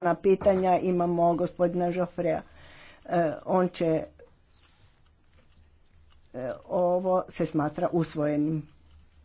na pitanja imamo gospodina Žofreja. E, on će e, ovo se smatra usvojenim.